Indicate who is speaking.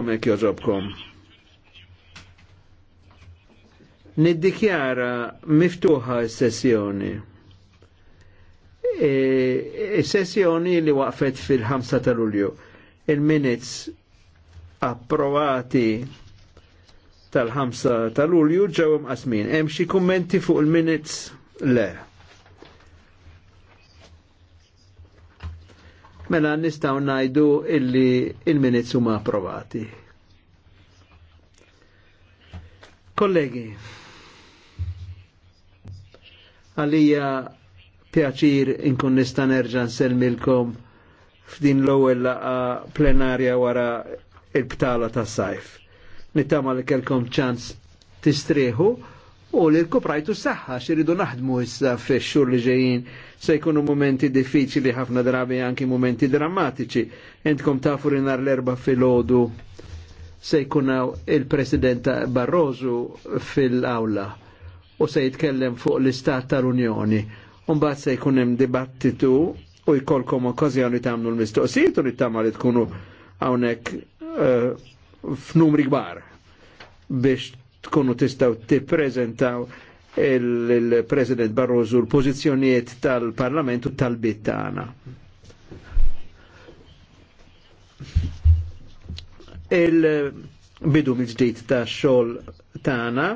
Speaker 1: Omek joġobkom. Niddikjara miftuħa s-sessjoni. E, e, sessjoni li waqfet fil-5 ta' Lulju. Il-minutes approvati tal-5 ta' Lulju ġewem qasmin. Hemm xi kummenti fuq il-minutes? Le. mela nistaw najdu illi il-minizz huma approvati. Kollegi, għalija pjaċir inkun nista nerġa' selmilkom f'din l-ewwel laqa plenarja wara il-btala tas-sajf. Nittama li kelkom ċans tistrieħu u li l-koprajtu saħħa xiridu naħdmu issa fix xur li ġejjin se jkunu momenti diffiċli ħafna drabi anki momenti drammatiċi. Entkom tafu li nar l-erba fil-ħodu se jkunaw il-President Barroso fil-awla u se jitkellem fuq l-Istat tal-Unjoni. un-bat se jkunem dibattitu u jkolkom okkazjoni tamnu l-mistoqsijiet u li tagħmel li tkunu hawnhekk eh, f'numri gbar biex tkunu tistaw tippreżentaw il-President Barroso l pozizjoniet tal-Parlamentu tal-bit Il-bidu mil-ġdijt ta' xol tagħna